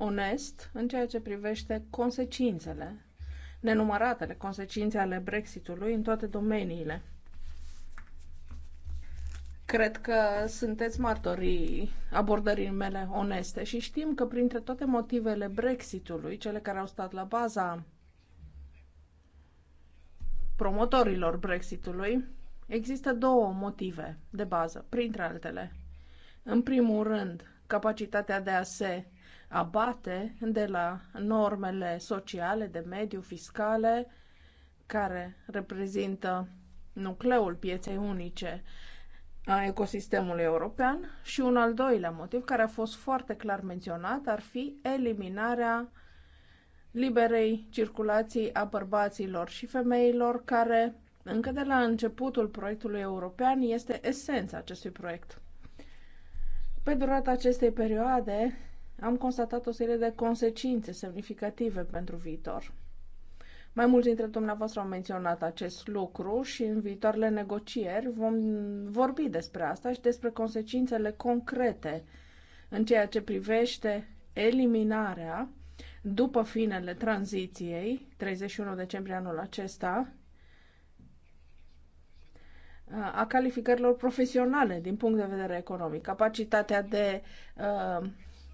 onest în ceea ce privește consecințele, nenumăratele consecințe ale Brexitului în toate domeniile. Cred că sunteți martorii abordării mele oneste și știm că printre toate motivele Brexitului, cele care au stat la baza promotorilor Brexitului, există două motive de bază, printre altele. În primul rând, capacitatea de a se abate de la normele sociale, de mediu, fiscale, care reprezintă nucleul pieței unice a ecosistemului european și un al doilea motiv care a fost foarte clar menționat ar fi eliminarea liberei circulații a bărbaților și femeilor care încă de la începutul proiectului european este esența acestui proiect. Pe durata acestei perioade, am constatat o serie de consecințe semnificative pentru viitor. Mai mulți dintre dumneavoastră au menționat acest lucru și în viitoarele negocieri vom vorbi despre asta și despre consecințele concrete în ceea ce privește eliminarea după finele tranziției, 31 decembrie anul acesta, a calificărilor profesionale din punct de vedere economic, capacitatea de uh,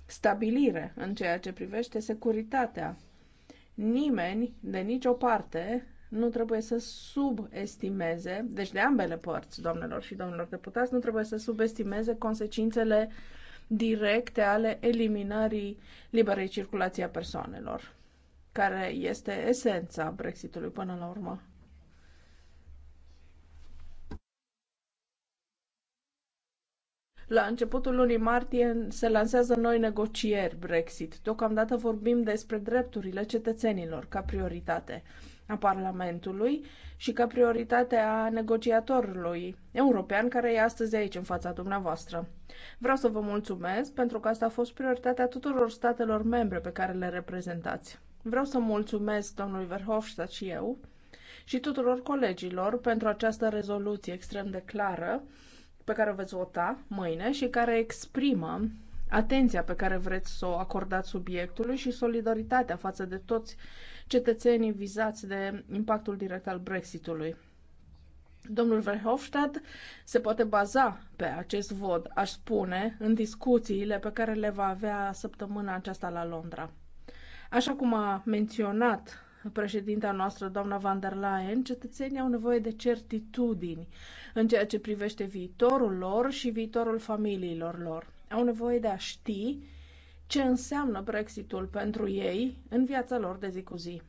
stabilire în ceea ce privește securitatea. Nimeni, de nicio parte, nu trebuie să subestimeze, deci de ambele părți, doamnelor și domnilor deputați, nu trebuie să subestimeze consecințele directe ale eliminării liberei circulații a persoanelor, care este esența Brexitului până la urmă. La începutul lunii martie se lansează noi negocieri Brexit. Deocamdată vorbim despre drepturile cetățenilor ca prioritate a Parlamentului și ca prioritate a negociatorului european care e astăzi aici în fața dumneavoastră. Vreau să vă mulțumesc pentru că asta a fost prioritatea tuturor statelor membre pe care le reprezentați. Vreau să mulțumesc domnului Verhofstadt și eu și tuturor colegilor pentru această rezoluție extrem de clară pe care o veți vota mâine și care exprimă atenția pe care vreți să o acordați subiectului și solidaritatea față de toți cetățenii vizați de impactul direct al Brexitului. Domnul Verhofstadt se poate baza pe acest vot, aș spune, în discuțiile pe care le va avea săptămâna aceasta la Londra. Așa cum a menționat președinta noastră, doamna van der Leyen, cetățenii au nevoie de certitudini în ceea ce privește viitorul lor și viitorul familiilor lor. Au nevoie de a ști ce înseamnă Brexitul pentru ei în viața lor de zi cu zi.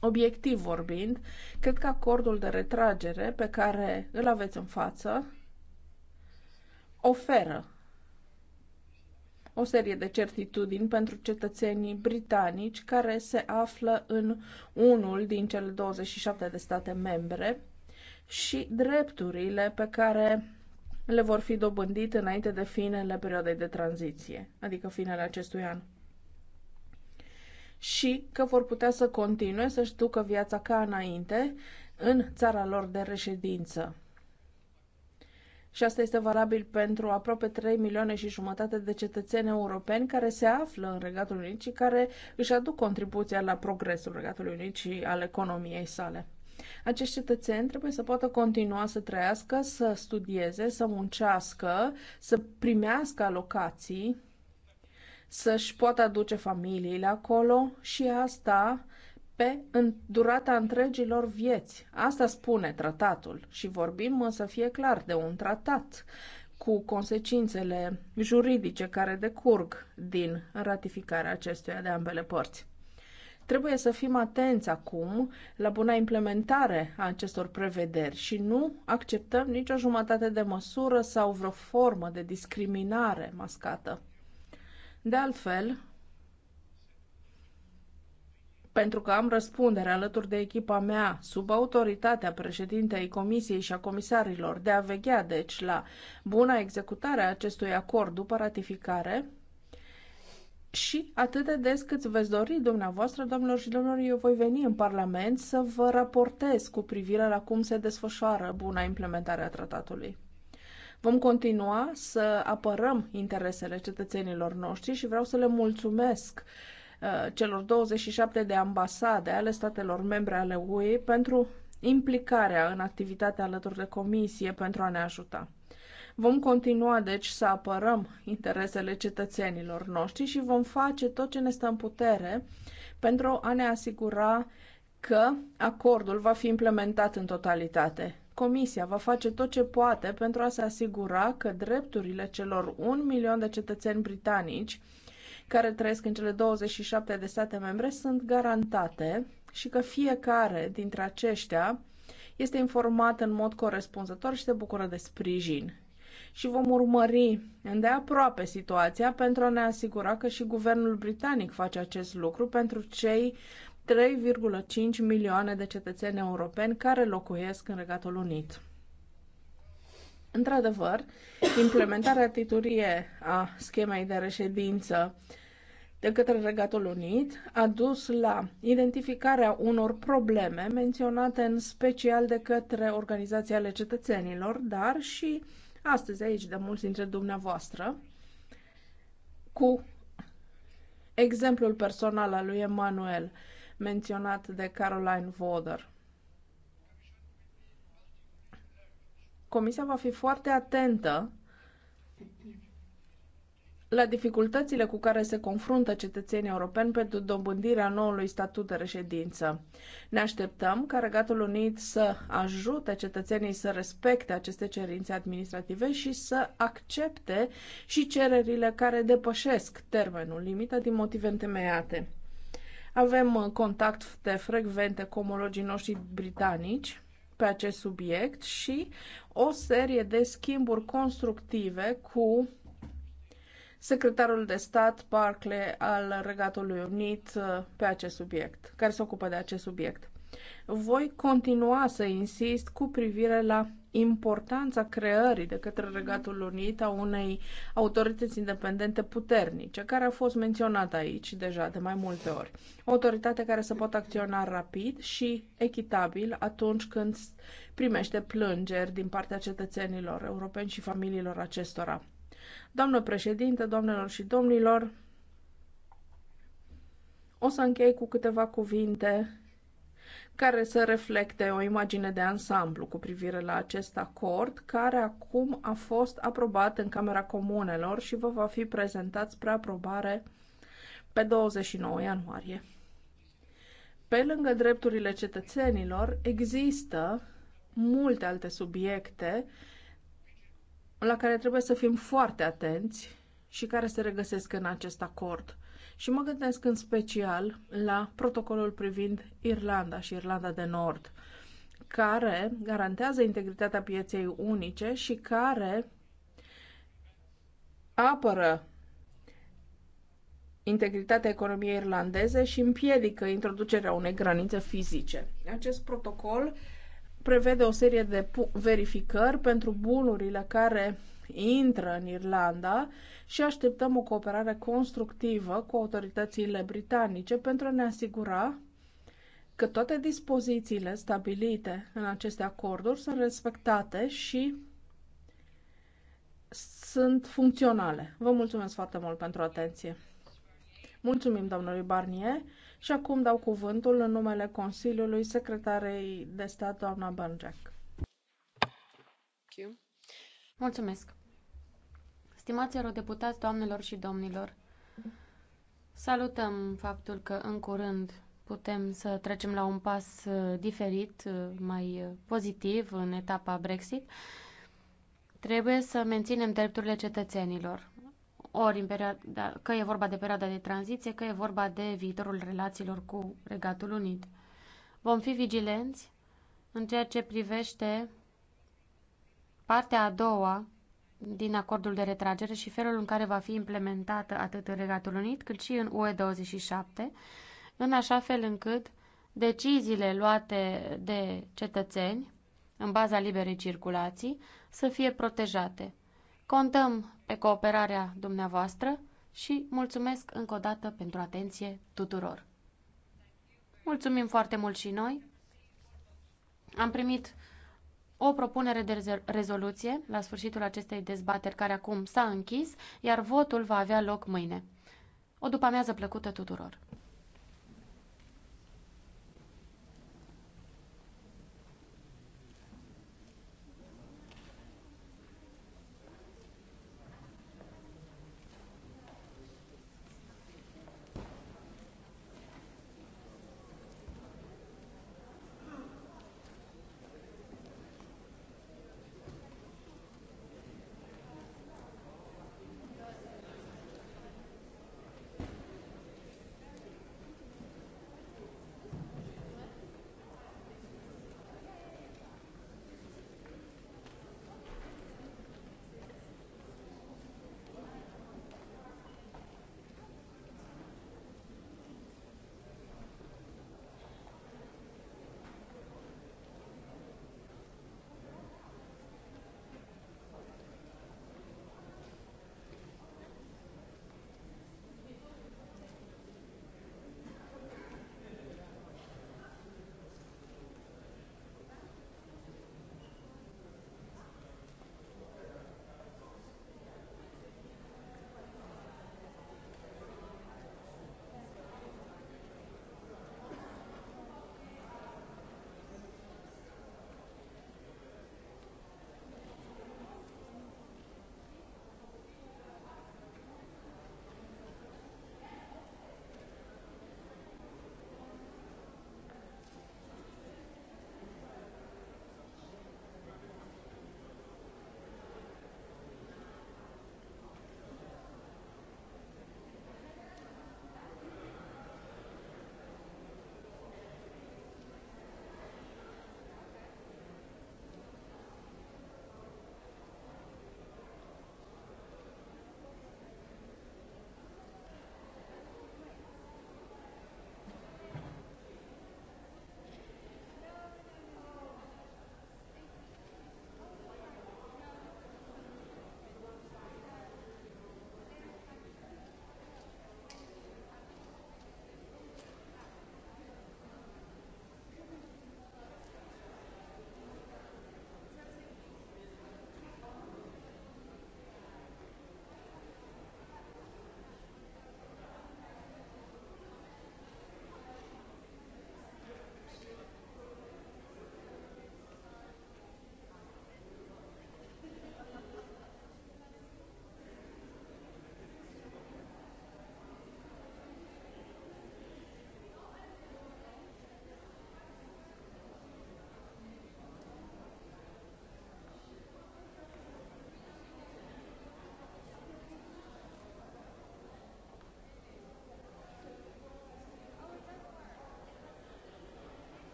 Obiectiv vorbind, cred că acordul de retragere pe care îl aveți în față oferă o serie de certitudini pentru cetățenii britanici care se află în unul din cele 27 de state membre și drepturile pe care le vor fi dobândite înainte de finele perioadei de tranziție, adică finele acestui an și că vor putea să continue să-și ducă viața ca înainte în țara lor de reședință și asta este valabil pentru aproape 3 milioane și jumătate de cetățeni europeni care se află în Regatul Unit și care își aduc contribuția la progresul Regatului Unit și al economiei sale. Acești cetățeni trebuie să poată continua să trăiască, să studieze, să muncească, să primească alocații, să-și poată aduce familiile acolo și asta pe în durata întregilor vieți. Asta spune tratatul și vorbim să fie clar de un tratat cu consecințele juridice care decurg din ratificarea acestuia de ambele părți. Trebuie să fim atenți acum la buna implementare a acestor prevederi și nu acceptăm nicio jumătate de măsură sau vreo formă de discriminare mascată. De altfel, pentru că am răspundere alături de echipa mea, sub autoritatea președintei Comisiei și a comisarilor, de a veghea, deci, la buna executare a acestui acord după ratificare, și atât de des cât veți dori dumneavoastră, domnilor și domnilor, eu voi veni în Parlament să vă raportez cu privire la cum se desfășoară buna implementare a tratatului. Vom continua să apărăm interesele cetățenilor noștri și vreau să le mulțumesc uh, Uh, celor 27 de ambasade ale statelor membre ale UE pentru implicarea în activitatea alături de comisie pentru a ne ajuta. Vom continua, deci, să apărăm interesele cetățenilor noștri și vom face tot ce ne stă în putere pentru a ne asigura că acordul va fi implementat în totalitate. Comisia va face tot ce poate pentru a se asigura că drepturile celor un milion de cetățeni britanici care trăiesc în cele 27 de state membre sunt garantate și că fiecare dintre aceștia este informat în mod corespunzător și se bucură de sprijin. Și vom urmări îndeaproape situația pentru a ne asigura că și guvernul britanic face acest lucru pentru cei 3,5 milioane de cetățeni europeni care locuiesc în Regatul Unit. Într-adevăr, implementarea titurie a schemei de reședință de către Regatul Unit a dus la identificarea unor probleme menționate în special de către organizația ale cetățenilor, dar și astăzi aici de mulți dintre dumneavoastră, cu exemplul personal al lui Emanuel menționat de Caroline Voder. Comisia va fi foarte atentă la dificultățile cu care se confruntă cetățenii europeni pentru dobândirea noului statut de reședință. Ne așteptăm ca Regatul Unit să ajute cetățenii să respecte aceste cerințe administrative și să accepte și cererile care depășesc termenul limită din motive întemeiate. Avem contacte frecvente cu omologii noștri britanici pe acest subiect și o serie de schimburi constructive cu secretarul de stat Barclay al Regatului Unit uh, pe acest subiect, care se ocupă de acest subiect. Voi continua să insist cu privire la importanța creării de către Regatul Unit a unei autorități independente puternice, care a fost menționată aici deja de mai multe ori. O autoritate care să poată acționa rapid și echitabil atunci când primește plângeri din partea cetățenilor europeni și familiilor acestora. Doamnă președinte, doamnelor și domnilor, o să închei cu câteva cuvinte care să reflecte o imagine de ansamblu cu privire la acest acord, care acum a fost aprobat în Camera Comunelor și vă va fi prezentat spre aprobare pe 29 ianuarie. Pe lângă drepturile cetățenilor, există multe alte subiecte la care trebuie să fim foarte atenți și care se regăsesc în acest acord. Și mă gândesc în special la protocolul privind Irlanda și Irlanda de Nord, care garantează integritatea pieței unice și care apără integritatea economiei irlandeze și împiedică introducerea unei granițe fizice. Acest protocol prevede o serie de verificări pentru bunurile care intră în Irlanda și așteptăm o cooperare constructivă cu autoritățile britanice pentru a ne asigura că toate dispozițiile stabilite în aceste acorduri sunt respectate și sunt funcționale. Vă mulțumesc foarte mult pentru atenție. Mulțumim domnului Barnier și acum dau cuvântul în numele Consiliului Secretarei de Stat, doamna Băncec. Thank you. Mulțumesc! Stimați eurodeputați, doamnelor și domnilor, salutăm faptul că în curând putem să trecem la un pas uh, diferit, uh, mai uh, pozitiv în etapa Brexit. Trebuie să menținem drepturile cetățenilor, ori în perioada, da, că e vorba de perioada de tranziție, că e vorba de viitorul relațiilor cu Regatul Unit. Vom fi vigilenți în ceea ce privește partea a doua din acordul de retragere și felul în care va fi implementată atât în Regatul Unit cât și în UE27, în așa fel încât deciziile luate de cetățeni în baza liberei circulații să fie protejate. Contăm pe cooperarea dumneavoastră și mulțumesc încă o dată pentru atenție tuturor. Mulțumim foarte mult și noi. Am primit o propunere de rezoluție la sfârșitul acestei dezbateri care acum s-a închis, iar votul va avea loc mâine. O după amiază plăcută tuturor!